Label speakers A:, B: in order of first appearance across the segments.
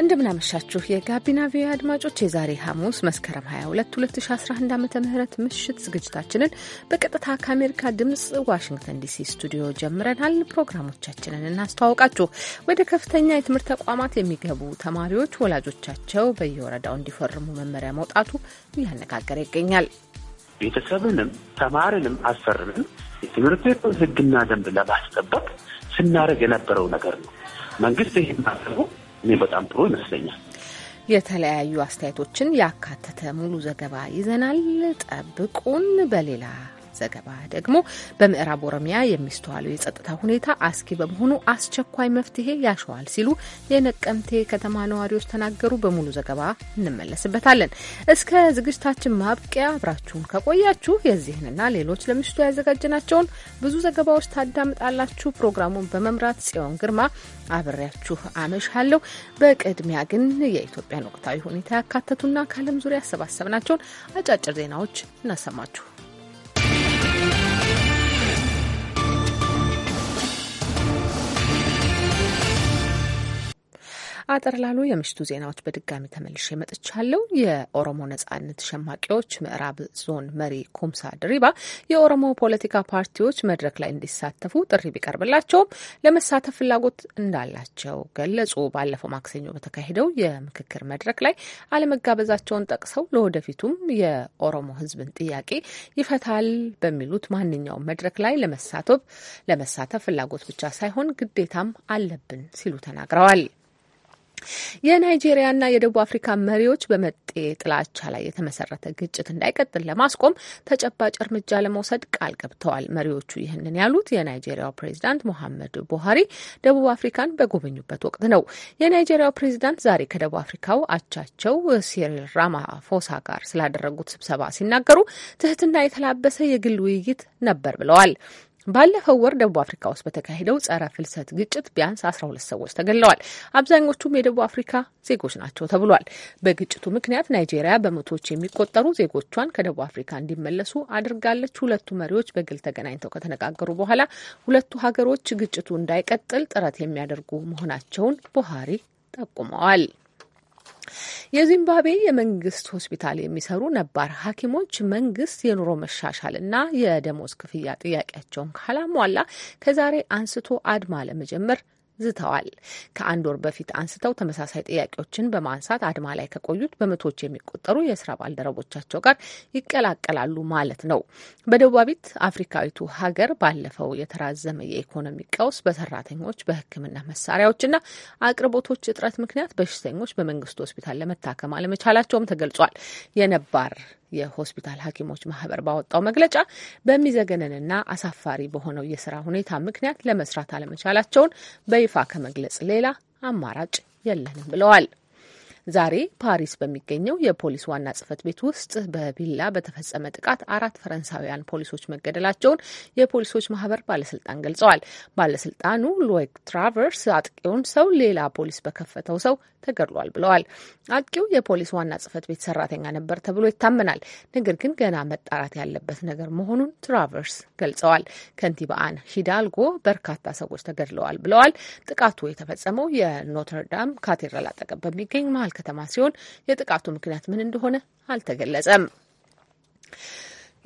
A: እንደምናመሻችሁ የጋቢና ቪ አድማጮች የዛሬ ሐሙስ መስከረም 22 2011 ዓ ም ምሽት ዝግጅታችንን በቀጥታ ከአሜሪካ ድምፅ ዋሽንግተን ዲሲ ስቱዲዮ ጀምረናል። ፕሮግራሞቻችንን እናስተዋውቃችሁ። ወደ ከፍተኛ የትምህርት ተቋማት የሚገቡ ተማሪዎች ወላጆቻቸው በየወረዳው እንዲፈርሙ መመሪያ መውጣቱ እያነጋገረ ይገኛል።
B: ቤተሰብንም ተማሪንም አሰርንም የትምህርት ቤቱን ህግና ደንብ ለማስጠበቅ ስናደርግ የነበረው ነገር ነው። መንግስት ይህ ማድረጉ እኔ በጣም ጥሩ ይመስለኛል።
A: የተለያዩ አስተያየቶችን ያካተተ ሙሉ ዘገባ ይዘናል። ጠብቁን በሌላ ዘገባ ደግሞ በምዕራብ ኦሮሚያ የሚስተዋለው የጸጥታ ሁኔታ አስኪ በመሆኑ አስቸኳይ መፍትሄ ያሸዋል ሲሉ የነቀምቴ ከተማ ነዋሪዎች ተናገሩ። በሙሉ ዘገባ እንመለስበታለን። እስከ ዝግጅታችን ማብቂያ አብራችሁን ከቆያችሁ የዚህንና ሌሎች ለምሽቱ ያዘጋጅናቸውን ብዙ ዘገባዎች ታዳምጣላችሁ። ፕሮግራሙን በመምራት ጽዮን ግርማ አብሬያችሁ አመሻለሁ። በቅድሚያ ግን የኢትዮጵያን ወቅታዊ ሁኔታ ያካተቱና ከዓለም ዙሪያ ያሰባሰብናቸውን አጫጭር ዜናዎች እናሰማችሁ። አጠር ላሉ የምሽቱ ዜናዎች በድጋሚ ተመልሼ መጥቻለሁ። የኦሮሞ ነጻነት ሸማቂዎች ምዕራብ ዞን መሪ ኩምሳ ድሪባ የኦሮሞ ፖለቲካ ፓርቲዎች መድረክ ላይ እንዲሳተፉ ጥሪ ቢቀርብላቸውም ለመሳተፍ ፍላጎት እንዳላቸው ገለጹ። ባለፈው ማክሰኞ በተካሄደው የምክክር መድረክ ላይ አለመጋበዛቸውን ጠቅሰው ለወደፊቱም የኦሮሞ ሕዝብን ጥያቄ ይፈታል በሚሉት ማንኛውም መድረክ ላይ ለመሳተፍ ፍላጎት ብቻ ሳይሆን ግዴታም አለብን ሲሉ ተናግረዋል። የናይጄሪያና የደቡብ አፍሪካ መሪዎች በመጤ ጥላቻ ላይ የተመሰረተ ግጭት እንዳይቀጥል ለማስቆም ተጨባጭ እርምጃ ለመውሰድ ቃል ገብተዋል። መሪዎቹ ይህንን ያሉት የናይጄሪያው ፕሬዚዳንት ሞሐመድ ቡሃሪ ደቡብ አፍሪካን በጎበኙበት ወቅት ነው። የናይጄሪያው ፕሬዚዳንት ዛሬ ከደቡብ አፍሪካው አቻቸው ሲሪል ራማፎሳ ጋር ስላደረጉት ስብሰባ ሲናገሩ ትህትና የተላበሰ የግል ውይይት ነበር ብለዋል። ባለፈው ወር ደቡብ አፍሪካ ውስጥ በተካሄደው ጸረ ፍልሰት ግጭት ቢያንስ አስራ ሁለት ሰዎች ተገለዋል። አብዛኞቹም የደቡብ አፍሪካ ዜጎች ናቸው ተብሏል። በግጭቱ ምክንያት ናይጄሪያ በመቶዎች የሚቆጠሩ ዜጎቿን ከደቡብ አፍሪካ እንዲመለሱ አድርጋለች። ሁለቱ መሪዎች በግል ተገናኝተው ከተነጋገሩ በኋላ ሁለቱ ሀገሮች ግጭቱ እንዳይቀጥል ጥረት የሚያደርጉ መሆናቸውን ቡሃሪ ጠቁመዋል። የዚምባብዌ የመንግስት ሆስፒታል የሚሰሩ ነባር ሐኪሞች መንግስት የኑሮ መሻሻልና የደሞዝ ክፍያ ጥያቄያቸውን ካላሟላ ከዛሬ አንስቶ አድማ ለመጀመር ዝተዋል። ከአንድ ወር በፊት አንስተው ተመሳሳይ ጥያቄዎችን በማንሳት አድማ ላይ ከቆዩት በመቶዎች የሚቆጠሩ የስራ ባልደረቦቻቸው ጋር ይቀላቀላሉ ማለት ነው። በደቡባዊት አፍሪካዊቱ ሀገር ባለፈው የተራዘመ የኢኮኖሚ ቀውስ በሰራተኞች በሕክምና መሳሪያዎችና አቅርቦቶች እጥረት ምክንያት በሽተኞች በመንግስት ሆስፒታል ለመታከም አለመቻላቸውም ተገልጿል። የነባር የሆስፒታል ሐኪሞች ማህበር ባወጣው መግለጫ በሚዘገነንና አሳፋሪ በሆነው የስራ ሁኔታ ምክንያት ለመስራት አለመቻላቸውን በይፋ ከመግለጽ ሌላ አማራጭ የለንም ብለዋል። ዛሬ ፓሪስ በሚገኘው የፖሊስ ዋና ጽህፈት ቤት ውስጥ በቢላ በተፈጸመ ጥቃት አራት ፈረንሳውያን ፖሊሶች መገደላቸውን የፖሊሶች ማህበር ባለስልጣን ገልጸዋል። ባለስልጣኑ ሎይክ ትራቨርስ አጥቂውን ሰው ሌላ ፖሊስ በከፈተው ሰው ተገድሏል ብለዋል። አጥቂው የፖሊስ ዋና ጽህፈት ቤት ሰራተኛ ነበር ተብሎ ይታመናል። ነገር ግን ገና መጣራት ያለበት ነገር መሆኑን ትራቨርስ ገልጸዋል። ከንቲባ አን ሂዳልጎ በርካታ ሰዎች ተገድለዋል ብለዋል። ጥቃቱ የተፈጸመው የኖተርዳም ካቴድራል አጠገብ በሚገኝ መሀል መቀለ ከተማ ሲሆን የጥቃቱ ምክንያት ምን እንደሆነ አልተገለጸም።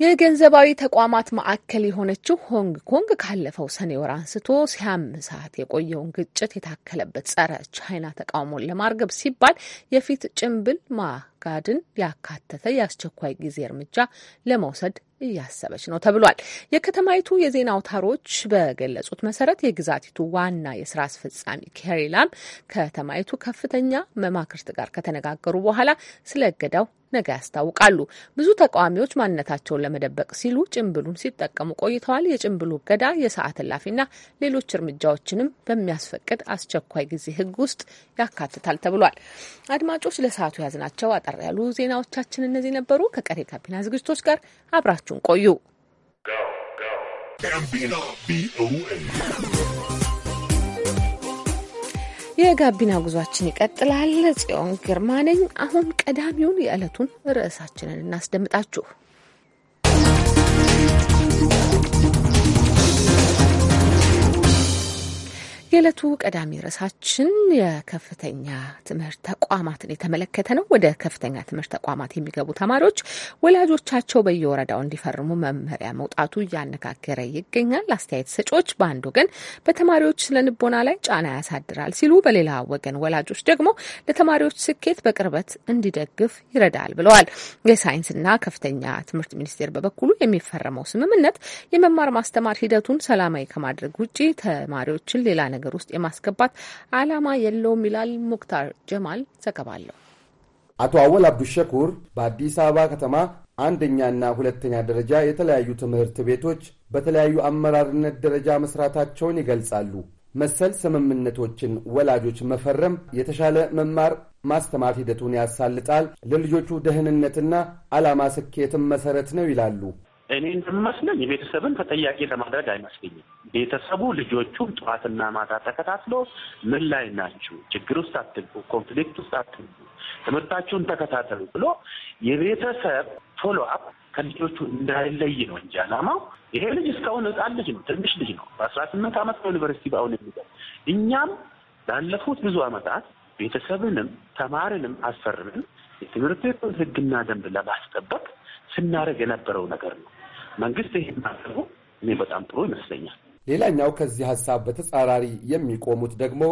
A: የገንዘባዊ ተቋማት ማዕከል የሆነችው ሆንግ ኮንግ ካለፈው ሰኔ ወር አንስቶ ሲያም ሰዓት የቆየውን ግጭት የታከለበት ጸረ ቻይና ተቃውሞን ለማርገብ ሲባል የፊት ጭንብል ፈቃድን ያካተተ የአስቸኳይ ጊዜ እርምጃ ለመውሰድ እያሰበች ነው ተብሏል። የከተማይቱ የዜና አውታሮች በገለጹት መሰረት የግዛቲቱ ዋና የስራ አስፈጻሚ ኬሪ ላም ከተማይቱ ከፍተኛ መማክርት ጋር ከተነጋገሩ በኋላ ስለ እገዳው ነገ ያስታውቃሉ። ብዙ ተቃዋሚዎች ማንነታቸውን ለመደበቅ ሲሉ ጭንብሉን ሲጠቀሙ ቆይተዋል። የጭንብሉ እገዳ የሰዓት እላፊና ሌሎች እርምጃዎችንም በሚያስፈቅድ አስቸኳይ ጊዜ ህግ ውስጥ ያካትታል ተብሏል። አድማጮች ለሰዓቱ ያዝናቸው አጠር አጠር ያሉ ዜናዎቻችን እነዚህ ነበሩ። ከቀሪ ጋቢና ዝግጅቶች ጋር አብራችሁን ቆዩ። የጋቢና ጉዟችን ይቀጥላል። ጽዮን ግርማ ነኝ። አሁን ቀዳሚውን የዕለቱን ርዕሳችንን እናስደምጣችሁ። የዕለቱ ቀዳሚ ርዕሳችን የከፍተኛ ትምህርት ተቋማትን የተመለከተ ነው። ወደ ከፍተኛ ትምህርት ተቋማት የሚገቡ ተማሪዎች ወላጆቻቸው በየወረዳው እንዲፈርሙ መመሪያ መውጣቱ እያነጋገረ ይገኛል። አስተያየት ሰጪዎች በአንድ ወገን በተማሪዎች ስነ ልቦና ላይ ጫና ያሳድራል ሲሉ፣ በሌላ ወገን ወላጆች ደግሞ ለተማሪዎች ስኬት በቅርበት እንዲደግፍ ይረዳል ብለዋል። የሳይንስና ከፍተኛ ትምህርት ሚኒስቴር በበኩሉ የሚፈረመው ስምምነት የመማር ማስተማር ሂደቱን ሰላማዊ ከማድረግ ውጪ ተማሪዎችን ሌላ ነገር ሀገር ውስጥ የማስገባት ዓላማ የለውም ይላል ሙክታር ጀማል። ዘገባለሁ አለው።
C: አቶ አወል አብዱሸኩር በአዲስ አበባ ከተማ አንደኛና ሁለተኛ ደረጃ የተለያዩ ትምህርት ቤቶች በተለያዩ አመራርነት ደረጃ መስራታቸውን ይገልጻሉ። መሰል ስምምነቶችን ወላጆች መፈረም የተሻለ መማር ማስተማር ሂደቱን ያሳልጣል፣ ለልጆቹ ደህንነትና ዓላማ ስኬትም መሰረት ነው ይላሉ።
B: እኔ እንደሚመስለኝ ቤተሰብን ተጠያቂ ለማድረግ አይመስለኝም። ቤተሰቡ ልጆቹን ጠዋትና ማታ ተከታትሎ ምን ላይ ናችሁ፣ ችግር ውስጥ አትግቡ፣ ኮንፍሊክት ውስጥ አትግቡ፣ ትምህርታችሁን ተከታተሉ ብሎ የቤተሰብ ፎሎ አፕ ከልጆቹ እንዳይለይ ነው እንጂ አላማው። ይሄ ልጅ እስካሁን ህፃን ልጅ ነው፣ ትንሽ ልጅ ነው። በአስራ ስምንት አመት ነው ዩኒቨርሲቲ በአሁን የሚገ እኛም ላለፉት ብዙ አመታት ቤተሰብንም ተማሪንም አስፈርምን የትምህርት ቤቱን ህግና ደንብ ለማስጠበቅ ስናደርግ የነበረው ነገር ነው። መንግስት ይህን ማድረጉ እኔ በጣም ጥሩ ይመስለኛል።
C: ሌላኛው ከዚህ ሀሳብ በተጻራሪ የሚቆሙት ደግሞ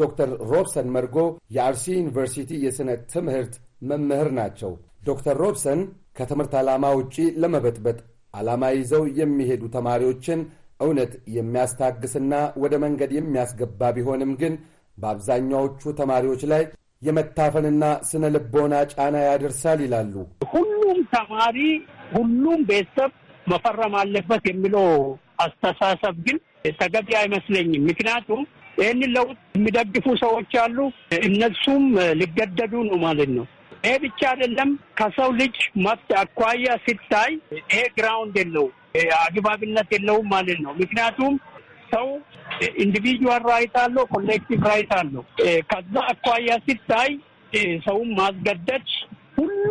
C: ዶክተር ሮብሰን መርጎ የአርሲ ዩኒቨርሲቲ የሥነ ትምህርት መምህር ናቸው። ዶክተር ሮብሰን ከትምህርት ዓላማ ውጪ ለመበጥበጥ ዓላማ ይዘው የሚሄዱ ተማሪዎችን እውነት የሚያስታግስና ወደ መንገድ የሚያስገባ ቢሆንም ግን በአብዛኛዎቹ ተማሪዎች ላይ የመታፈንና ስነ ልቦና ጫና ያደርሳል ይላሉ።
D: ሁሉም ተማሪ፣ ሁሉም ቤተሰብ መፈረም አለበት የሚለው አስተሳሰብ ግን ተገቢ አይመስለኝም። ምክንያቱም ይህንን ለውጥ የሚደግፉ ሰዎች አሉ። እነሱም ሊገደዱ ነው ማለት ነው። ይሄ ብቻ አይደለም። ከሰው ልጅ መብት አኳያ ሲታይ ይሄ ግራውንድ የለው አግባብነት የለውም ማለት ነው። ምክንያቱም ሰው ኢንዲቪጁዋል ራይት አለው፣ ኮሌክቲቭ ራይት አለው። ከዛ አኳያ ሲታይ ሰውን ማስገደድ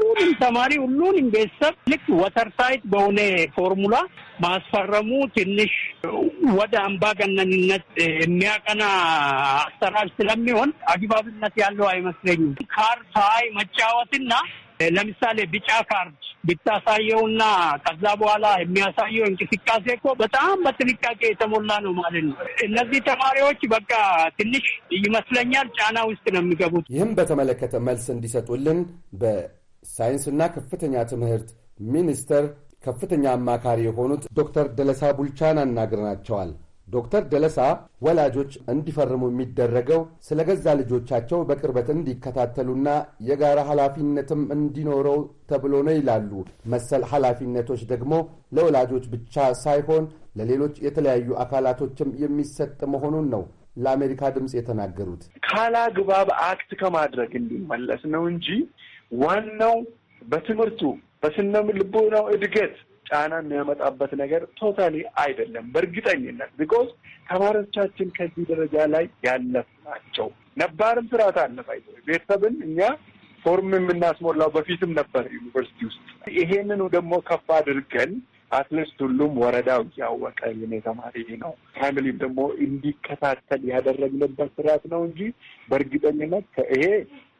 D: ሁሉንም ተማሪ ሁሉንም ቤተሰብ ልክ ወተርሳይት በሆነ ፎርሙላ ማስፈረሙ ትንሽ ወደ አምባገነንነት የሚያቀና አሰራር ስለሚሆን አግባብነት ያለው አይመስለኝም። ካርድ ሳይ መጫወትና ለምሳሌ ቢጫ ካርድ ብታሳየውና ከዛ በኋላ የሚያሳየው እንቅስቃሴ እኮ በጣም በጥንቃቄ የተሞላ ነው ማለት ነው። እነዚህ ተማሪዎች በቃ
C: ትንሽ ይመስለኛል ጫና ውስጥ ነው የሚገቡት። ይህም በተመለከተ መልስ እንዲሰጡልን በ ሳይንስና ከፍተኛ ትምህርት ሚኒስቴር ከፍተኛ አማካሪ የሆኑት ዶክተር ደለሳ ቡልቻን አናግረናቸዋል። ዶክተር ደለሳ ወላጆች እንዲፈርሙ የሚደረገው ስለ ገዛ ልጆቻቸው በቅርበት እንዲከታተሉና የጋራ ኃላፊነትም እንዲኖረው ተብሎ ነው ይላሉ። መሰል ኃላፊነቶች ደግሞ ለወላጆች ብቻ ሳይሆን ለሌሎች የተለያዩ አካላቶችም የሚሰጥ መሆኑን ነው ለአሜሪካ
B: ድምፅ የተናገሩት። ካላግባብ አክት ከማድረግ እንዲመለስ ነው እንጂ ዋናው በትምህርቱ በስነም ልቦናው እድገት ጫና የሚያመጣበት ነገር ቶታሊ አይደለም በእርግጠኝነት ቢኮዝ ተማሪዎቻችን ከዚህ ደረጃ ላይ ያለፍ ናቸው። ነባርም ስርዓት አለፍ ቤተሰብን እኛ ፎርም የምናስሞላው በፊትም ነበር ዩኒቨርሲቲ ውስጥ። ይሄንኑ ደግሞ ከፍ አድርገን አትሊስት ሁሉም ወረዳው እያወቀ የኔ ተማሪ ነው ፋሚሊም ደግሞ እንዲከታተል ያደረግንበት ስርዓት ነው እንጂ በእርግጠኝነት ይሄ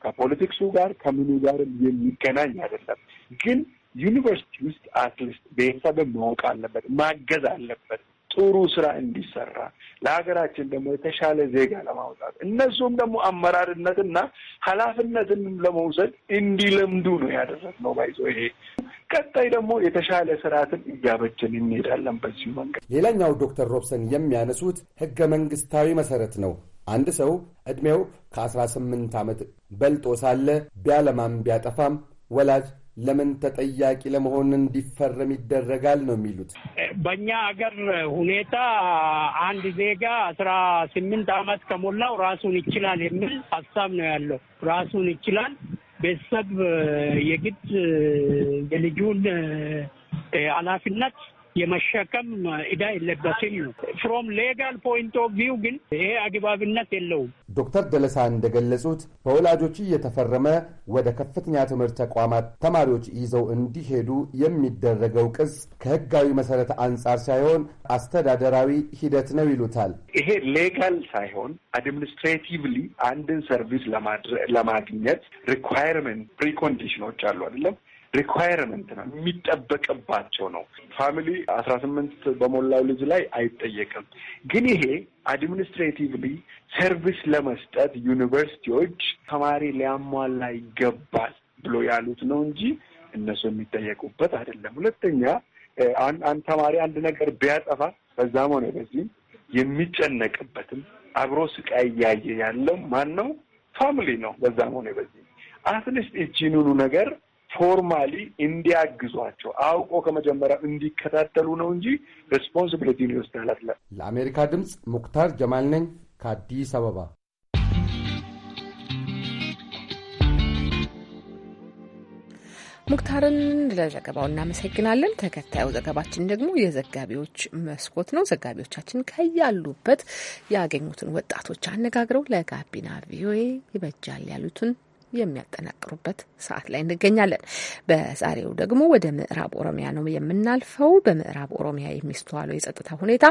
B: ከፖለቲክሱ ጋር ከምኑ ጋርም የሚገናኝ አይደለም። ግን ዩኒቨርሲቲ ውስጥ አትሊስት ቤተሰብን ማወቅ አለበት፣ ማገዝ አለበት ጥሩ ስራ እንዲሰራ ለሀገራችን ደግሞ የተሻለ ዜጋ ለማውጣት እነሱም ደግሞ አመራርነትና ኃላፊነትን ለመውሰድ እንዲለምዱ ነው ያደረግነው። ባይዞ ይሄ ቀጣይ ደግሞ የተሻለ ስርዓትን እያበችን እንሄዳለን በዚሁ መንገድ።
C: ሌላኛው ዶክተር ሮብሰን የሚያነሱት ህገ መንግስታዊ መሰረት ነው። አንድ ሰው ዕድሜው ከ18 ዓመት በልጦ ሳለ ቢያለማም ቢያጠፋም ወላጅ ለምን ተጠያቂ ለመሆን እንዲፈረም ይደረጋል ነው የሚሉት።
D: በእኛ አገር ሁኔታ አንድ ዜጋ አስራ ስምንት አመት ከሞላው ራሱን ይችላል የሚል ሀሳብ ነው ያለው። ራሱን ይችላል። ቤተሰብ የግድ የልጁን ኃላፊነት የመሸከም እዳ የለበትም ነው። ፍሮም ሌጋል ፖይንት ኦፍ ቪው ግን ይሄ አግባብነት የለውም።
C: ዶክተር ደለሳ እንደገለጹት በወላጆች እየተፈረመ ወደ ከፍተኛ ትምህርት ተቋማት ተማሪዎች ይዘው እንዲሄዱ የሚደረገው ቅጽ ከህጋዊ መሰረት አንጻር ሳይሆን አስተዳደራዊ ሂደት ነው ይሉታል።
B: ይሄ ሌጋል ሳይሆን አድሚኒስትሬቲቭሊ አንድን ሰርቪስ ለማግኘት ሪኳየርመንት ፕሪኮንዲሽኖች አሉ አይደለም ሪኳየርመንት ነው የሚጠበቅባቸው ነው። ፋሚሊ አስራ ስምንት በሞላው ልጅ ላይ አይጠየቅም። ግን ይሄ አድሚኒስትሬቲቭሊ ሰርቪስ ለመስጠት ዩኒቨርሲቲዎች ተማሪ ሊያሟላ ይገባል ብሎ ያሉት ነው እንጂ እነሱ የሚጠየቁበት አይደለም። ሁለተኛ አንድ ተማሪ አንድ ነገር ቢያጠፋ በዛም ሆነ በዚህ የሚጨነቅበትም አብሮ ስቃይ እያየ ያለው ማን ነው? ፋሚሊ ነው። በዛም ሆነ በዚህ አትሊስት እቺኑኑ ነገር ፎርማሊ እንዲያግዟቸው አውቆ ከመጀመሪያ እንዲከታተሉ ነው እንጂ ሬስፖንሲቢሊቲ ሊወስዳል አለ።
C: ለአሜሪካ ድምፅ ሙክታር ጀማል ነኝ ከአዲስ
A: አበባ። ሙክታርን ለዘገባው እናመሰግናለን። ተከታዩ ዘገባችን ደግሞ የዘጋቢዎች መስኮት ነው። ዘጋቢዎቻችን ከያሉበት ያገኙትን ወጣቶች አነጋግረው ለጋቢና ቪኦኤ ይበጃል ያሉትን የሚያጠናቅሩበት ሰዓት ላይ እንገኛለን። በዛሬው ደግሞ ወደ ምዕራብ ኦሮሚያ ነው የምናልፈው። በምዕራብ ኦሮሚያ የሚስተዋለው የጸጥታ ሁኔታ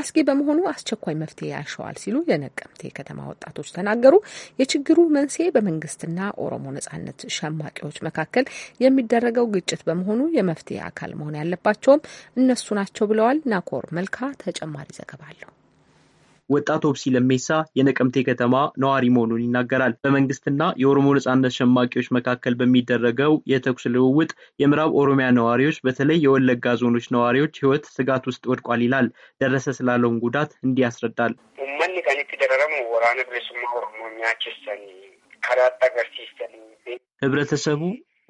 A: አስጊ በመሆኑ አስቸኳይ መፍትሄ ያሸዋል ሲሉ የነቀምቴ ከተማ ወጣቶች ተናገሩ። የችግሩ መንስኤ በመንግስትና ኦሮሞ ነጻነት ሸማቂዎች መካከል የሚደረገው ግጭት በመሆኑ የመፍትሄ አካል መሆን ያለባቸውም እነሱ ናቸው ብለዋል። ናኮር መልካ ተጨማሪ ዘገባ አለው።
E: ወጣት ኦብሲ ለሜሳ የነቀምቴ ከተማ ነዋሪ መሆኑን ይናገራል። በመንግስትና የኦሮሞ ነጻነት ሸማቂዎች መካከል በሚደረገው የተኩስ ልውውጥ የምዕራብ ኦሮሚያ ነዋሪዎች በተለይ የወለጋ ዞኖች ነዋሪዎች ህይወት ስጋት ውስጥ ወድቋል ይላል። ደረሰ ስላለውን ጉዳት እንዲህ ያስረዳል።
B: ኡመኒ ቀኒት ወራነ ብሬሱማ ኦሮሞኛ ገርሲስተኒ
E: ህብረተሰቡ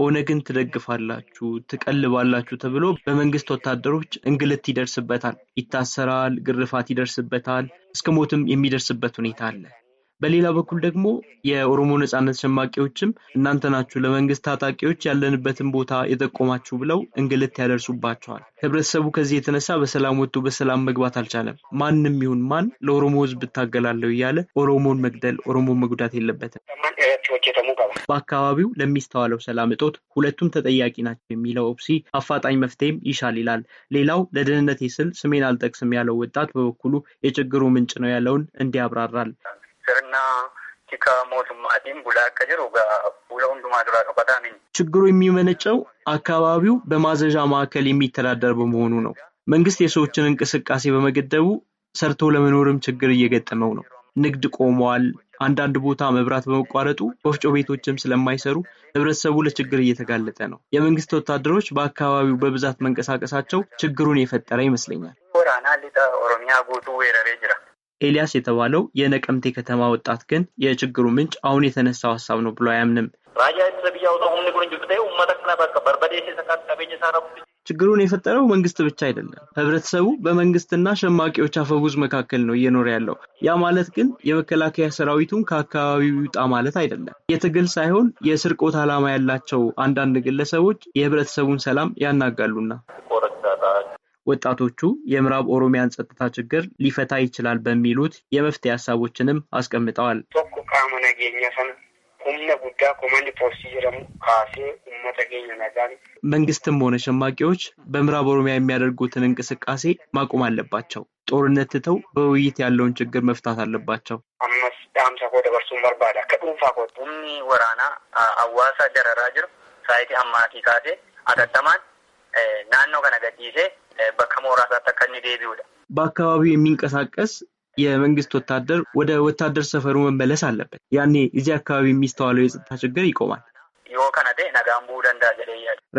E: ኦነግን ትደግፋላችሁ፣ ትቀልባላችሁ ተብሎ በመንግስት ወታደሮች እንግልት ይደርስበታል፣ ይታሰራል፣ ግርፋት ይደርስበታል፣ እስከ ሞትም የሚደርስበት ሁኔታ አለ። በሌላ በኩል ደግሞ የኦሮሞ ነጻነት ሸማቂዎችም እናንተ ናችሁ ለመንግስት ታጣቂዎች ያለንበትን ቦታ የጠቆማችሁ ብለው እንግልት ያደርሱባቸዋል። ህብረተሰቡ ከዚህ የተነሳ በሰላም ወጥቶ በሰላም መግባት አልቻለም። ማንም ይሁን ማን ለኦሮሞ ህዝብ እታገላለሁ እያለ ኦሮሞን መግደል፣ ኦሮሞን መጉዳት የለበትም። በአካባቢው ለሚስተዋለው ሰላም እጦት ሁለቱም ተጠያቂ ናቸው የሚለው ኦፕሲ አፋጣኝ መፍትሄም ይሻል ይላል። ሌላው ለደህንነት ስል ስሜን አልጠቅስም ያለው ወጣት በበኩሉ የችግሩ ምንጭ ነው ያለውን እንዲያብራራል። sirnaa ችግሩ የሚመነጨው አካባቢው በማዘዣ ማዕከል የሚተዳደር በመሆኑ ነው። መንግስት የሰዎችን እንቅስቃሴ በመገደቡ ሰርቶ ለመኖርም ችግር እየገጠመው ነው። ንግድ ቆመዋል። አንዳንድ ቦታ መብራት በመቋረጡ ወፍጮ ቤቶችም ስለማይሰሩ ህብረተሰቡ ለችግር እየተጋለጠ ነው። የመንግስት ወታደሮች በአካባቢው በብዛት መንቀሳቀሳቸው ችግሩን የፈጠረ ይመስለኛል።
D: ኦሮሚያ ጉቱ
E: ኤልያስ የተባለው የነቀምቴ ከተማ ወጣት ግን የችግሩ ምንጭ አሁን የተነሳው ሀሳብ ነው ብሎ አያምንም። ችግሩን የፈጠረው መንግስት ብቻ አይደለም። ህብረተሰቡ በመንግስትና ሸማቂዎች አፈጉዝ መካከል ነው እየኖረ ያለው። ያ ማለት ግን የመከላከያ ሰራዊቱን ከአካባቢው ይውጣ ማለት አይደለም። የትግል ሳይሆን የስርቆት ዓላማ ያላቸው አንዳንድ ግለሰቦች የህብረተሰቡን ሰላም ያናጋሉና ወጣቶቹ የምዕራብ ኦሮሚያን ጸጥታ ችግር ሊፈታ ይችላል በሚሉት የመፍትሄ ሀሳቦችንም አስቀምጠዋል። መንግስትም ሆነ ሸማቂዎች በምዕራብ ኦሮሚያ የሚያደርጉትን እንቅስቃሴ ማቆም አለባቸው። ጦርነት ትተው በውይይት ያለውን ችግር መፍታት አለባቸው።
D: ወራና አዋሳ ደረራ ሳይቲ አማቲ ካሴ አጠጠማን ናኖ ከነገዲሴ በከመው ራሳ ተከኒ
E: በአካባቢው የሚንቀሳቀስ የመንግስት ወታደር ወደ ወታደር ሰፈሩ መመለስ አለበት። ያኔ እዚህ አካባቢ የሚስተዋለው የጸጥታ ችግር ይቆማል።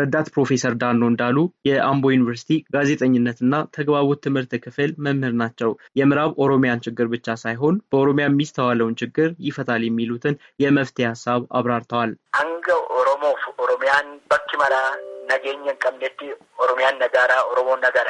E: ረዳት ፕሮፌሰር ዳኖ እንዳሉ የአምቦ ዩኒቨርሲቲ ጋዜጠኝነትና ተግባቦት ትምህርት ክፍል መምህር ናቸው። የምዕራብ ኦሮሚያን ችግር ብቻ ሳይሆን በኦሮሚያ የሚስተዋለውን ችግር ይፈታል የሚሉትን የመፍትሄ ሀሳብ አብራርተዋል። አንገ
D: ኦሮሞ ኦሮሚያን በኪ ነገኘን ቀምኔቲ ኦሮሚያን ነጋራ ኦሮሞን ነጋራ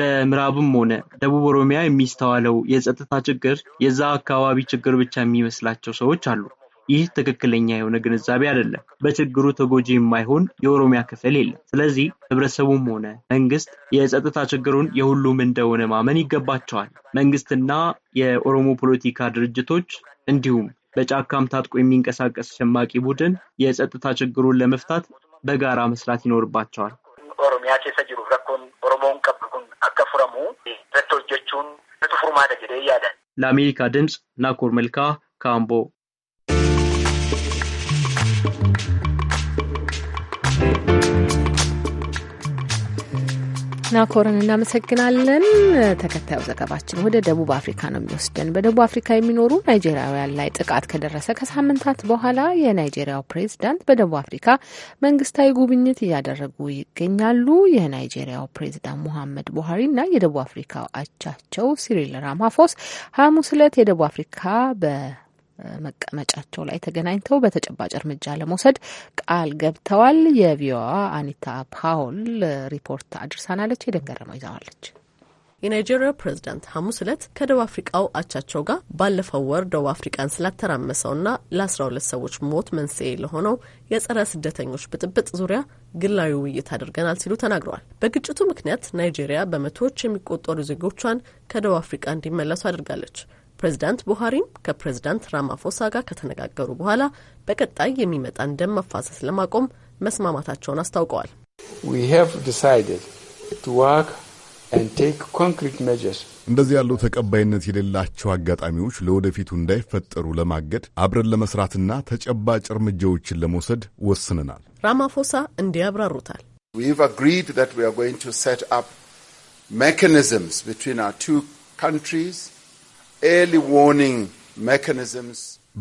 E: በምዕራብም ሆነ ደቡብ ኦሮሚያ የሚስተዋለው የጸጥታ ችግር የዛ አካባቢ ችግር ብቻ የሚመስላቸው ሰዎች አሉ። ይህ ትክክለኛ የሆነ ግንዛቤ አይደለም። በችግሩ ተጎጂ የማይሆን የኦሮሚያ ክፍል የለም። ስለዚህ ህብረተሰቡም ሆነ መንግስት የጸጥታ ችግሩን የሁሉም እንደሆነ ማመን ይገባቸዋል። መንግስትና የኦሮሞ ፖለቲካ ድርጅቶች እንዲሁም በጫካም ታጥቆ የሚንቀሳቀስ ሸማቂ ቡድን የጸጥታ ችግሩን ለመፍታት በጋራ መስራት ይኖርባቸዋል። ኦሮሚያ ኬሰ ጅሩ
B: ኦሮሞን ቀብኩን አከፍረሙ ረቶች ማደግደ ፍርማ
E: ለአሜሪካ ድምፅ ናኮር መልካ ካምቦ
A: ናኮርን እናመሰግናለን። ተከታዩ ዘገባችን ወደ ደቡብ አፍሪካ ነው የሚወስደን። በደቡብ አፍሪካ የሚኖሩ ናይጄሪያውያን ላይ ጥቃት ከደረሰ ከሳምንታት በኋላ የናይጄሪያው ፕሬዚዳንት በደቡብ አፍሪካ መንግስታዊ ጉብኝት እያደረጉ ይገኛሉ። የናይጄሪያው ፕሬዚዳንት ሙሐመድ ቡሃሪ እና የደቡብ አፍሪካ አቻቸው ሲሪል ራማፎስ ሐሙስ ዕለት የደቡብ አፍሪካ በ መቀመጫቸው ላይ ተገናኝተው በተጨባጭ እርምጃ ለመውሰድ ቃል ገብተዋል። የቪዋ አኒታ ፓውል ሪፖርት አድርሳናለች። የደንገረመው ይዛዋለች።
F: የናይጄሪያ ፕሬዚዳንት ሐሙስ ዕለት ከደቡብ አፍሪቃው አቻቸው ጋር ባለፈው ወር ደቡብ አፍሪቃን ስላተራመሰውና ለአስራ ሁለት ሰዎች ሞት መንስኤ ለሆነው የጸረ ስደተኞች ብጥብጥ ዙሪያ ግላዊ ውይይት አድርገናል ሲሉ ተናግረዋል። በግጭቱ ምክንያት ናይጄሪያ በመቶዎች የሚቆጠሩ ዜጎቿን ከደቡብ አፍሪቃ እንዲመለሱ አድርጋለች። ፕሬዚዳንት ቡሃሪም ከፕሬዚዳንት ራማፎሳ ጋር ከተነጋገሩ በኋላ በቀጣይ የሚመጣን ደም መፋሰስ ለማቆም መስማማታቸውን አስታውቀዋል።
G: እንደዚህ ያሉ ተቀባይነት የሌላቸው አጋጣሚዎች ለወደፊቱ እንዳይፈጠሩ ለማገድ አብረን ለመስራትና ተጨባጭ እርምጃዎችን ለመውሰድ ወስንናል።
F: ራማፎሳ እንዲህ ያብራሩታል።
B: ሜካኒዝምስ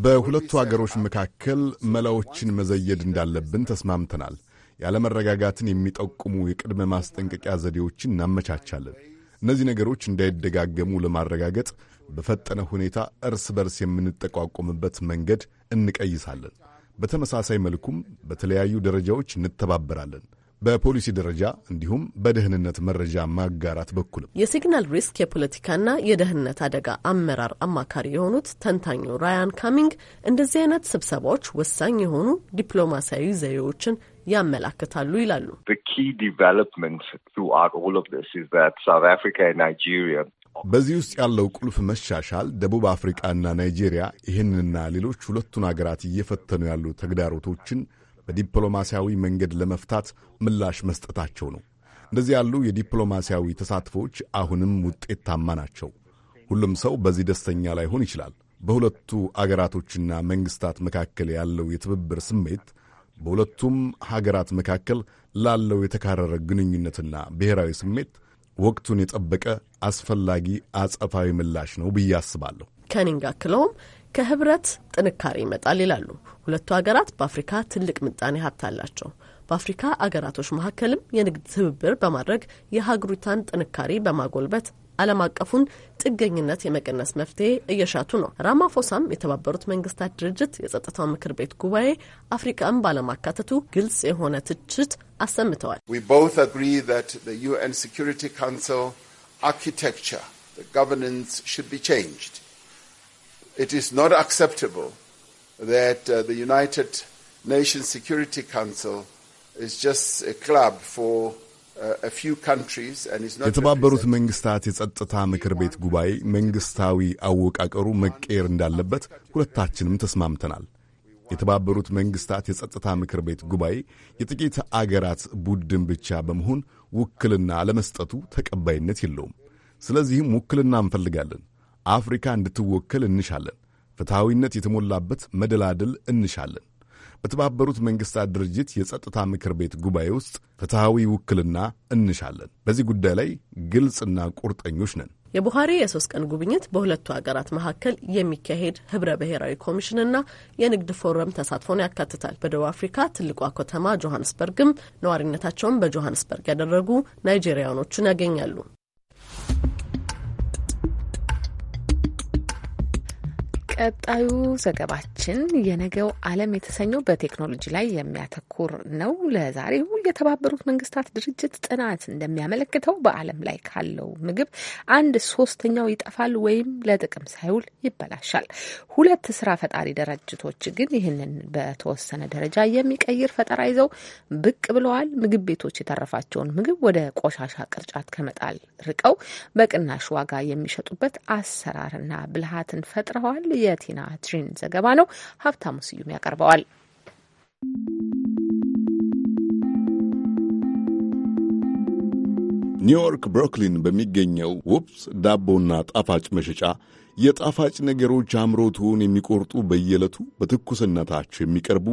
G: በሁለቱ አገሮች መካከል መላዎችን መዘየድ እንዳለብን ተስማምተናል። ያለመረጋጋትን የሚጠቁሙ የቅድመ ማስጠንቀቂያ ዘዴዎችን እናመቻቻለን። እነዚህ ነገሮች እንዳይደጋገሙ ለማረጋገጥ በፈጠነ ሁኔታ እርስ በርስ የምንጠቋቆምበት መንገድ እንቀይሳለን። በተመሳሳይ መልኩም በተለያዩ ደረጃዎች እንተባበራለን። በፖሊሲ ደረጃ እንዲሁም በደህንነት መረጃ ማጋራት በኩልም
F: የሲግናል ሪስክ የፖለቲካና የደህንነት አደጋ አመራር አማካሪ የሆኑት ተንታኙ ራያን ካሚንግ እንደዚህ አይነት ስብሰባዎች ወሳኝ የሆኑ ዲፕሎማሲያዊ ዘዴዎችን ያመላክታሉ ይላሉ።
G: በዚህ ውስጥ ያለው ቁልፍ መሻሻል ደቡብ አፍሪቃና ናይጄሪያ ይህንና ሌሎች ሁለቱን ሀገራት እየፈተኑ ያሉ ተግዳሮቶችን በዲፕሎማሲያዊ መንገድ ለመፍታት ምላሽ መስጠታቸው ነው። እንደዚህ ያሉ የዲፕሎማሲያዊ ተሳትፎዎች አሁንም ውጤታማ ናቸው። ሁሉም ሰው በዚህ ደስተኛ ላይሆን ይችላል። በሁለቱ አገራቶችና መንግስታት መካከል ያለው የትብብር ስሜት በሁለቱም ሀገራት መካከል ላለው የተካረረ ግንኙነትና ብሔራዊ ስሜት ወቅቱን የጠበቀ አስፈላጊ አጸፋዊ ምላሽ ነው ብዬ አስባለሁ።
F: ከኒንግ አክለውም ከህብረት ጥንካሬ ይመጣል ይላሉ። ሁለቱ ሀገራት በአፍሪካ ትልቅ ምጣኔ ሀብት አላቸው። በአፍሪካ አገራቶች መካከልም የንግድ ትብብር በማድረግ የሀገሪቷን ጥንካሬ በማጎልበት ዓለም አቀፉን ጥገኝነት የመቀነስ መፍትሄ እየሻቱ ነው። ራማፎሳም የተባበሩት መንግስታት ድርጅት የጸጥታው ምክር ቤት ጉባኤ አፍሪካን ባለማካተቱ ግልጽ የሆነ ትችት አሰምተዋል።
B: ዩኤን ሴኩሪቲ ካውንስል አርኪቴክቸር it is not acceptable that uh, the United Nations Security Council is just a club for uh, የተባበሩት
G: መንግስታት የጸጥታ ምክር ቤት ጉባኤ መንግስታዊ አወቃቀሩ መቀየር እንዳለበት ሁለታችንም ተስማምተናል። የተባበሩት መንግስታት የጸጥታ ምክር ቤት ጉባኤ የጥቂት አገራት ቡድን ብቻ በመሆን ውክልና ለመስጠቱ ተቀባይነት የለውም። ስለዚህም ውክልና እንፈልጋለን። አፍሪካ እንድትወከል እንሻለን። ፍትሐዊነት የተሞላበት መደላደል እንሻለን። በተባበሩት መንግሥታት ድርጅት የጸጥታ ምክር ቤት ጉባኤ ውስጥ ፍትሐዊ ውክልና እንሻለን። በዚህ ጉዳይ ላይ ግልጽና ቁርጠኞች ነን።
F: የቡሃሪ የሶስት ቀን ጉብኝት በሁለቱ ሀገራት መካከል የሚካሄድ ህብረ ብሔራዊ ኮሚሽንና የንግድ ፎረም ተሳትፎን ያካትታል። በደቡብ አፍሪካ ትልቋ ከተማ ጆሀንስበርግም ነዋሪነታቸውን በጆሀንስበርግ ያደረጉ ናይጄሪያኖችን ያገኛሉ። ቀጣዩ
A: ዘገባችን የነገው ዓለም የተሰኘው በቴክኖሎጂ ላይ የሚያተኩር ነው። ለዛሬው የተባበሩት መንግስታት ድርጅት ጥናት እንደሚያመለክተው በዓለም ላይ ካለው ምግብ አንድ ሶስተኛው ይጠፋል ወይም ለጥቅም ሳይውል ይበላሻል። ሁለት ስራ ፈጣሪ ድርጅቶች ግን ይህንን በተወሰነ ደረጃ የሚቀይር ፈጠራ ይዘው ብቅ ብለዋል። ምግብ ቤቶች የተረፋቸውን ምግብ ወደ ቆሻሻ ቅርጫት ከመጣል ርቀው በቅናሽ ዋጋ የሚሸጡበት አሰራርና ብልሃትን ፈጥረዋል። የቲና ትሪን ዘገባ ነው። ሀብታሙ ስዩም ያቀርበዋል።
G: ኒውዮርክ ብሩክሊን በሚገኘው ውብስ ዳቦና ጣፋጭ መሸጫ የጣፋጭ ነገሮች አምሮቱን የሚቆርጡ በየዕለቱ በትኩስነታቸው የሚቀርቡ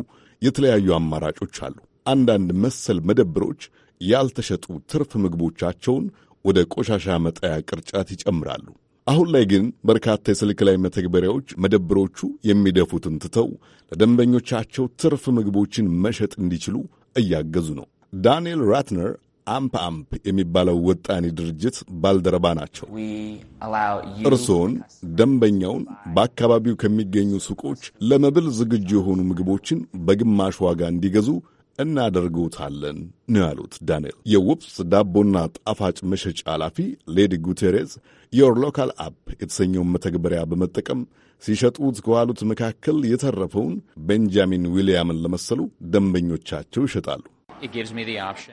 G: የተለያዩ አማራጮች አሉ። አንዳንድ መሰል መደብሮች ያልተሸጡ ትርፍ ምግቦቻቸውን ወደ ቆሻሻ መጣያ ቅርጫት ይጨምራሉ። አሁን ላይ ግን በርካታ የስልክ ላይ መተግበሪያዎች መደብሮቹ የሚደፉትን ትተው ለደንበኞቻቸው ትርፍ ምግቦችን መሸጥ እንዲችሉ እያገዙ ነው። ዳንኤል ራትነር አምፕ አምፕ የሚባለው ወጣኔ ድርጅት ባልደረባ ናቸው። እርስዎን ደንበኛውን በአካባቢው ከሚገኙ ሱቆች ለመብል ዝግጁ የሆኑ ምግቦችን በግማሽ ዋጋ እንዲገዙ እናደርጉታለን ነው ያሉት ዳንኤል። የውብስ ዳቦና ጣፋጭ መሸጫ ኃላፊ ሌዲ ጉቴሬዝ ዮር ሎካል አፕ የተሰኘውን መተግበሪያ በመጠቀም ሲሸጡት ከዋሉት መካከል የተረፈውን ቤንጃሚን ዊልያምን ለመሰሉ ደንበኞቻቸው ይሸጣሉ።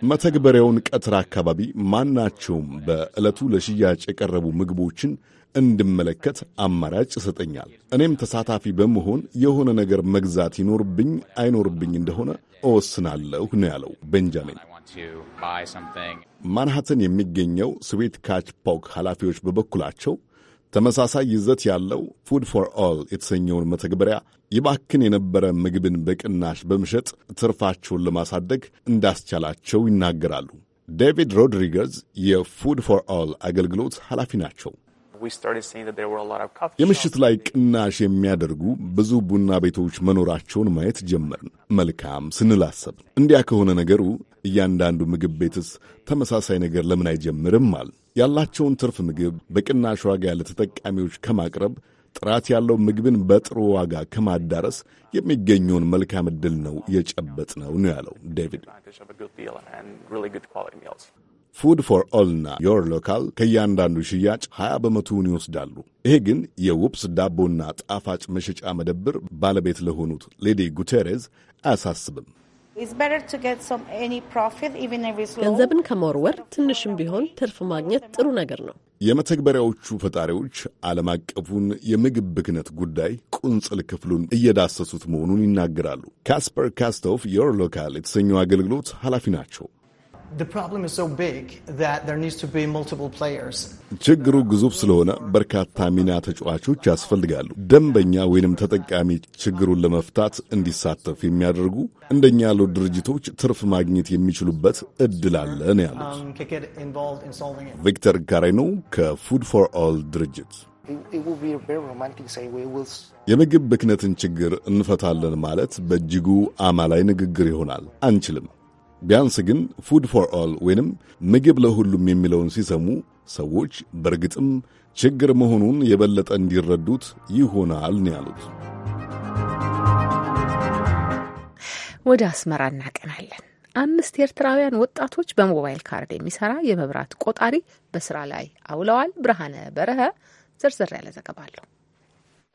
G: መተግበሪያውን ቀትር አካባቢ ማናቸውም በዕለቱ ለሽያጭ የቀረቡ ምግቦችን እንድመለከት አማራጭ ይሰጠኛል። እኔም ተሳታፊ በመሆን የሆነ ነገር መግዛት ይኖርብኝ አይኖርብኝ እንደሆነ እወስናለሁ ነው
E: ያለው ቤንጃሚን።
G: ማንሃተን የሚገኘው ስዊት ካች ፖክ ኃላፊዎች በበኩላቸው ተመሳሳይ ይዘት ያለው ፉድ ፎር ኦል የተሰኘውን መተግበሪያ ይባክን የነበረ ምግብን በቅናሽ በመሸጥ ትርፋቸውን ለማሳደግ እንዳስቻላቸው ይናገራሉ። ዴቪድ ሮድሪገዝ የፉድ ፎር ኦል አገልግሎት ኃላፊ ናቸው። የምሽት ላይ ቅናሽ የሚያደርጉ ብዙ ቡና ቤቶች መኖራቸውን ማየት ጀመርን። መልካም ስንላሰብ እንዲያ ከሆነ ነገሩ እያንዳንዱ ምግብ ቤትስ ተመሳሳይ ነገር ለምን አይጀምርም አል ያላቸውን ትርፍ ምግብ በቅናሽ ዋጋ ለተጠቃሚዎች ከማቅረብ ጥራት ያለው ምግብን በጥሩ ዋጋ ከማዳረስ የሚገኘውን መልካም ዕድል ነው የጨበጥ ነው ነው ያለው ዴቪድ። ፉድ ፎር ኦልና ዮር ሎካል ከእያንዳንዱ ሽያጭ 20 በመቶውን ይወስዳሉ። ይሄ ግን የውብስ ዳቦና ጣፋጭ መሸጫ መደብር ባለቤት ለሆኑት ሌዲ ጉቴሬዝ አያሳስብም።
F: ገንዘብን ከመወርወር ትንሽም ቢሆን ትርፍ ማግኘት ጥሩ ነገር ነው።
G: የመተግበሪያዎቹ ፈጣሪዎች ዓለም አቀፉን የምግብ ብክነት ጉዳይ ቁንጽል ክፍሉን እየዳሰሱት መሆኑን ይናገራሉ። ካስፐር ካስቶፍ ዮር ሎካል የተሰኘው አገልግሎት ኃላፊ ናቸው። ችግሩ ግዙፍ ስለሆነ በርካታ ሚና ተጫዋቾች ያስፈልጋሉ። ደንበኛ ወይንም ተጠቃሚ ችግሩን ለመፍታት እንዲሳተፍ የሚያደርጉ እንደኛ ያሉ ድርጅቶች ትርፍ ማግኘት የሚችሉበት እድል አለ ነው
F: ያሉት um,
G: ቪክተር ካሬኖ ከፉድ ፎር ኦል ድርጅት። የምግብ ብክነትን ችግር እንፈታለን ማለት በእጅጉ አማላይ ንግግር ይሆናል። አንችልም ቢያንስ ግን ፉድ ፎር ኦል ወይንም ምግብ ለሁሉም የሚለውን ሲሰሙ ሰዎች በእርግጥም ችግር መሆኑን የበለጠ እንዲረዱት ይሆናል ነው ያሉት።
A: ወደ አስመራ እናቀናለን። አምስት ኤርትራውያን ወጣቶች በሞባይል ካርድ የሚሰራ የመብራት ቆጣሪ በስራ ላይ አውለዋል። ብርሃነ በረሀ ዝርዝር ያለ ዘገባ አለው።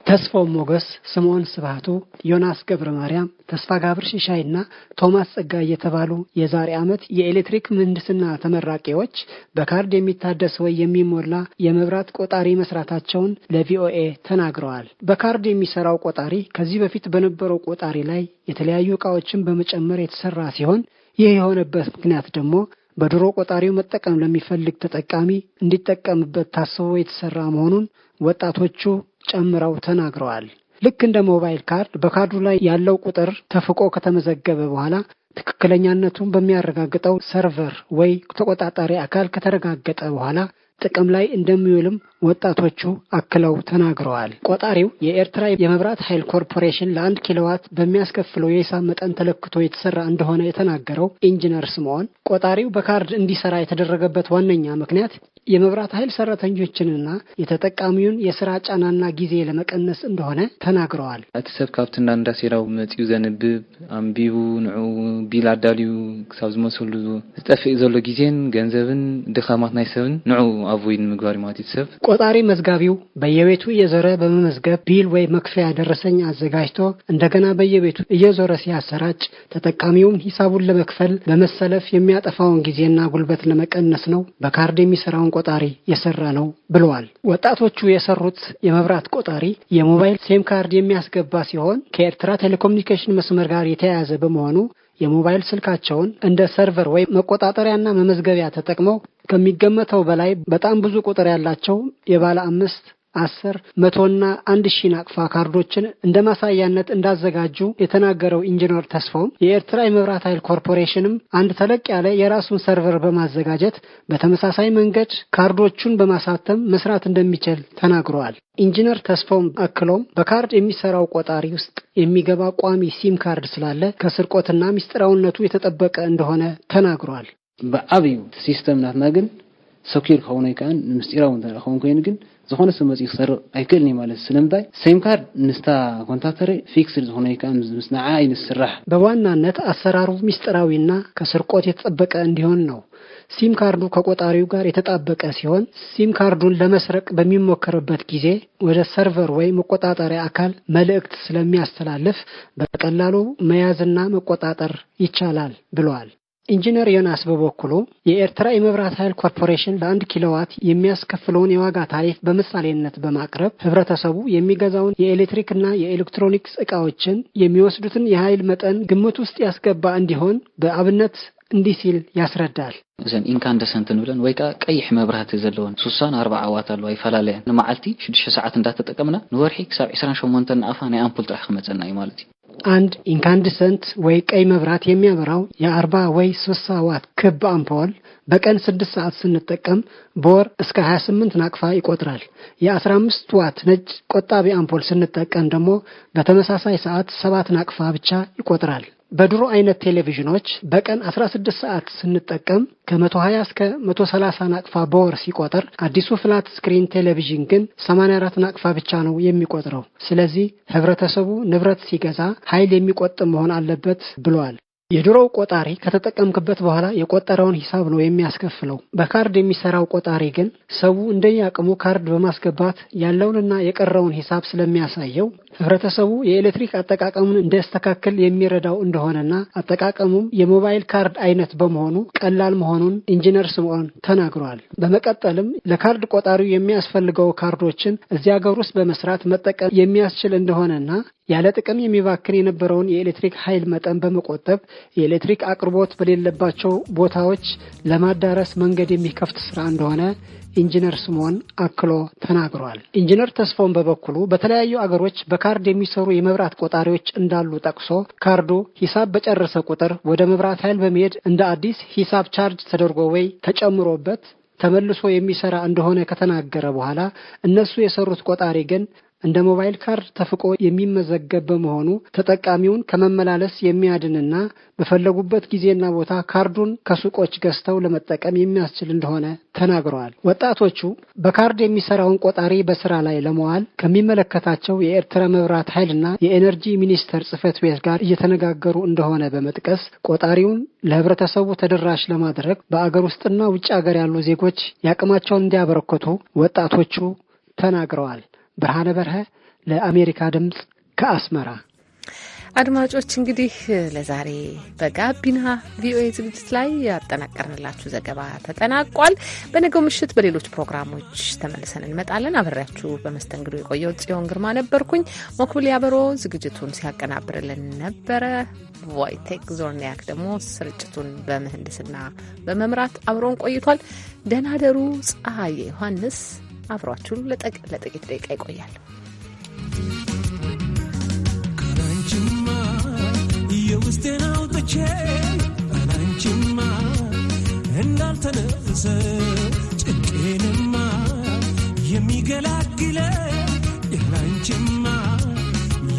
H: ተስፋው ሞገስ፣ ስምዖን ስብሃቱ፣ ዮናስ ገብረ ማርያም፣ ተስፋ ጋብር ሽሻይና ቶማስ ጸጋይ የተባሉ የዛሬ ዓመት የኤሌክትሪክ ምህንድስና ተመራቂዎች በካርድ የሚታደስ ወይ የሚሞላ የመብራት ቆጣሪ መስራታቸውን ለቪኦኤ ተናግረዋል። በካርድ የሚሰራው ቆጣሪ ከዚህ በፊት በነበረው ቆጣሪ ላይ የተለያዩ እቃዎችን በመጨመር የተሰራ ሲሆን ይህ የሆነበት ምክንያት ደግሞ በድሮ ቆጣሪው መጠቀም ለሚፈልግ ተጠቃሚ እንዲጠቀምበት ታስቦ የተሰራ መሆኑን ወጣቶቹ ጨምረው ተናግረዋል። ልክ እንደ ሞባይል ካርድ በካርዱ ላይ ያለው ቁጥር ተፍቆ ከተመዘገበ በኋላ ትክክለኛነቱን በሚያረጋግጠው ሰርቨር ወይ ተቆጣጣሪ አካል ከተረጋገጠ በኋላ ጥቅም ላይ እንደሚውልም ወጣቶቹ አክለው ተናግረዋል። ቆጣሪው የኤርትራ የመብራት ኃይል ኮርፖሬሽን ለአንድ ኪሎዋት በሚያስከፍለው የሂሳብ መጠን ተለክቶ የተሰራ እንደሆነ የተናገረው ኢንጂነር ስምዖን ቆጣሪው በካርድ እንዲሰራ የተደረገበት ዋነኛ ምክንያት የመብራት ኃይል ሰራተኞችንና የተጠቃሚውን የስራ ጫናና ጊዜ ለመቀነስ እንደሆነ ተናግረዋል። እቲ ሰብ ካብትና እንዳሴራው መፅኡ ዘንብብ ኣንቢቡ ንዑ ቢል ኣዳልዩ ክሳብ ዝመሰሉ ዝጠፍእ ዘሎ ግዜን ገንዘብን ድኻማት ናይ ሰብን ንዑ ኣብወይ ንምግባር ማለት እዩ ሰብ ቆጣሪ መዝጋቢው በየቤቱ እየዘረ በመመዝገብ ቢል ወይ መክፈያ ደረሰኝ አዘጋጅቶ እንደገና በየቤቱ እየዞረ ሲያሰራጭ ተጠቃሚውም ሂሳቡን ለመክፈል በመሰለፍ የሚያጠፋውን ጊዜና ጉልበት ለመቀነስ ነው በካርድ የሚሰራውን ቆጣሪ የሰራ ነው ብለዋል። ወጣቶቹ የሰሩት የመብራት ቆጣሪ የሞባይል ሴም ካርድ የሚያስገባ ሲሆን ከኤርትራ ቴሌኮሙኒኬሽን መስመር ጋር የተያያዘ በመሆኑ የሞባይል ስልካቸውን እንደ ሰርቨር ወይም መቆጣጠሪያና መመዝገቢያ ተጠቅመው ከሚገመተው በላይ በጣም ብዙ ቁጥር ያላቸው የባለ አምስት አስር መቶና አንድ ሺህ ናቅፋ ካርዶችን እንደ ማሳያነት እንዳዘጋጁ የተናገረው ኢንጂነር ተስፋውም የኤርትራ የመብራት ኃይል ኮርፖሬሽንም አንድ ተለቅ ያለ የራሱን ሰርቨር በማዘጋጀት በተመሳሳይ መንገድ ካርዶቹን በማሳተም መስራት እንደሚችል ተናግረዋል። ኢንጂነር ተስፋውም አክለውም በካርድ የሚሰራው ቆጣሪ ውስጥ የሚገባ ቋሚ ሲም ካርድ ስላለ ከስርቆትና ምስጢራዊነቱ የተጠበቀ እንደሆነ ተናግረዋል። በአብዩ ሲስተም ናትና ግን ሰኪር ከሆነ ይከኣን ንምስጢራዊ ከሆን ኮይን ግን ዝኾነ ሰብ መፅኡ ክሰርቕ ኣይክእልኒ ማለት ስለምንታይ ሴም ካርድ ንስታ ኮንታክተሪ ፊክስድ ዝኾነ ከዓ ምስ ንዓ እዩ ዝስራሕ በዋናነት አሰራሩ ሚስጥራዊና ከስርቆት የተፀበቀ እንዲሆን ነው። ሲም ካርዱ ከቆጣሪው ጋር የተጣበቀ ሲሆን ሲም ካርዱን ለመስረቅ በሚሞከርበት ጊዜ ወደ ሰርቨር ወይ መቆጣጠሪያ አካል መልእክት ስለሚያስተላልፍ በቀላሉ መያዝና መቆጣጠር ይቻላል ብለዋል። ኢንጂነር ዮናስ በበኩሉ የኤርትራ የመብራት ኃይል ኮርፖሬሽን ለአንድ ኪሎዋት የሚያስከፍለውን የዋጋ ታሪፍ በምሳሌነት በማቅረብ ህብረተሰቡ የሚገዛውን የኤሌክትሪክና የኤሌክትሮኒክስ እቃዎችን የሚወስዱትን የኃይል መጠን ግምት ውስጥ ያስገባ እንዲሆን በአብነት እንዲህ ሲል ያስረዳል። እዘን ኢንካንደሰንት ንብለን ወይ ከዓ ቀይሕ መብራህቲ ዘለዎን ሱሳን 64 ኣዋት ኣለዋ ይፈላለየን ንመዓልቲ ሽዱሽተ ሰዓት እንዳተጠቀምና ንወርሒ ክሳብ 28 ንኣፋ ናይ ኣምፑል ጥራሕ ክመፀና እዩ ማለት እዩ አንድ ኢንካንዲሰንት ወይ ቀይ መብራት የሚያበራው የአርባ ወይ ስልሳ ዋት ክብ አምፖል በቀን ስድስት ሰዓት ስንጠቀም በወር እስከ ሀያ ስምንት ናቅፋ ይቆጥራል። የአስራ አምስት ዋት ነጭ ቆጣቢ አምፖል ስንጠቀም ደግሞ በተመሳሳይ ሰዓት ሰባት ናቅፋ ብቻ ይቆጥራል። በድሮ አይነት ቴሌቪዥኖች በቀን 16 ሰዓት ስንጠቀም ከ120 እስከ 130 ናቅፋ በወር ሲቆጥር አዲሱ ፍላት ስክሪን ቴሌቪዥን ግን 84 ናቅፋ ብቻ ነው የሚቆጥረው። ስለዚህ ህብረተሰቡ ንብረት ሲገዛ ኃይል የሚቆጥም መሆን አለበት ብለዋል። የድሮው ቆጣሪ ከተጠቀምክበት በኋላ የቆጠረውን ሂሳብ ነው የሚያስከፍለው። በካርድ የሚሰራው ቆጣሪ ግን ሰው እንደየአቅሙ ካርድ በማስገባት ያለውንና የቀረውን ሂሳብ ስለሚያሳየው ህብረተሰቡ የኤሌክትሪክ አጠቃቀሙን እንዲያስተካክል የሚረዳው እንደሆነና አጠቃቀሙም የሞባይል ካርድ አይነት በመሆኑ ቀላል መሆኑን ኢንጂነር ስምዖን ተናግሯል። በመቀጠልም ለካርድ ቆጣሪው የሚያስፈልገው ካርዶችን እዚህ ሀገር ውስጥ በመስራት መጠቀም የሚያስችል እንደሆነና ያለ ጥቅም የሚባክን የነበረውን የኤሌክትሪክ ኃይል መጠን በመቆጠብ የኤሌክትሪክ አቅርቦት በሌለባቸው ቦታዎች ለማዳረስ መንገድ የሚከፍት ስራ እንደሆነ ኢንጂነር ስምዖን አክሎ ተናግሯል። ኢንጂነር ተስፋውን በበኩሉ በተለያዩ አገሮች በካርድ የሚሰሩ የመብራት ቆጣሪዎች እንዳሉ ጠቅሶ ካርዱ ሂሳብ በጨረሰ ቁጥር ወደ መብራት ኃይል በመሄድ እንደ አዲስ ሂሳብ ቻርጅ ተደርጎ ወይ ተጨምሮበት ተመልሶ የሚሰራ እንደሆነ ከተናገረ በኋላ እነሱ የሰሩት ቆጣሪ ግን እንደ ሞባይል ካርድ ተፍቆ የሚመዘገብ በመሆኑ ተጠቃሚውን ከመመላለስ የሚያድንና በፈለጉበት ጊዜና ቦታ ካርዱን ከሱቆች ገዝተው ለመጠቀም የሚያስችል እንደሆነ ተናግረዋል። ወጣቶቹ በካርድ የሚሰራውን ቆጣሪ በስራ ላይ ለመዋል ከሚመለከታቸው የኤርትራ መብራት ኃይልና የኤነርጂ ሚኒስቴር ጽህፈት ቤት ጋር እየተነጋገሩ እንደሆነ በመጥቀስ ቆጣሪውን ለህብረተሰቡ ተደራሽ ለማድረግ በአገር ውስጥና ውጭ ሀገር ያሉ ዜጎች ያቅማቸውን እንዲያበረክቱ ወጣቶቹ ተናግረዋል። ብርሃነ በርሀ ለአሜሪካ ድምፅ ከአስመራ።
A: አድማጮች እንግዲህ ለዛሬ በጋቢና ቪኦኤ ዝግጅት ላይ ያጠናቀርንላችሁ ዘገባ ተጠናቋል። በነገው ምሽት በሌሎች ፕሮግራሞች ተመልሰን እንመጣለን። አብሬያችሁ በመስተንግዶ የቆየው ጽዮን ግርማ ነበርኩኝ። ሞክብል ያበሮ ዝግጅቱን ሲያቀናብርልን ነበረ። ቮይቴክ ዞርኒያክ ደግሞ ስርጭቱን በምህንድስና በመምራት አብሮን ቆይቷል። ደናደሩ ደሩ። ፀሐዬ ዮሐንስ አብሯችሁን ለጥቂት ደቂቃ ይቆያል።
E: የውስጤን አውጥቼ አላንችማ
D: የሚገላግለ የላንችማ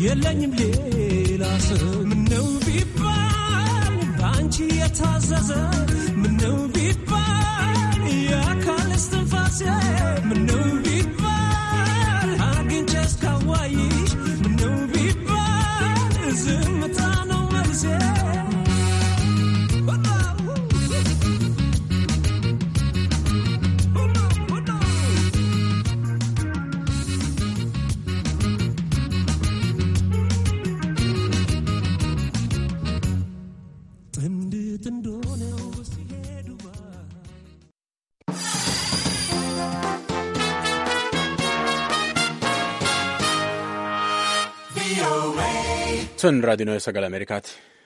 E: የለኝም ሌላ ሰው ምነው ቢባል በአንቺ የታዘዘ ምነው ቢባል myself, but Sonni raadiyoon sagalee